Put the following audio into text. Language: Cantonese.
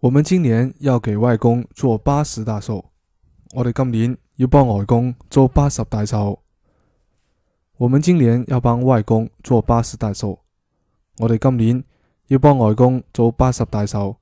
我們今年要給外公做八十大壽，我哋今年要幫外公做八十大壽。我們今年要幫外公做八十大壽，我哋今年要幫外公做八十大壽。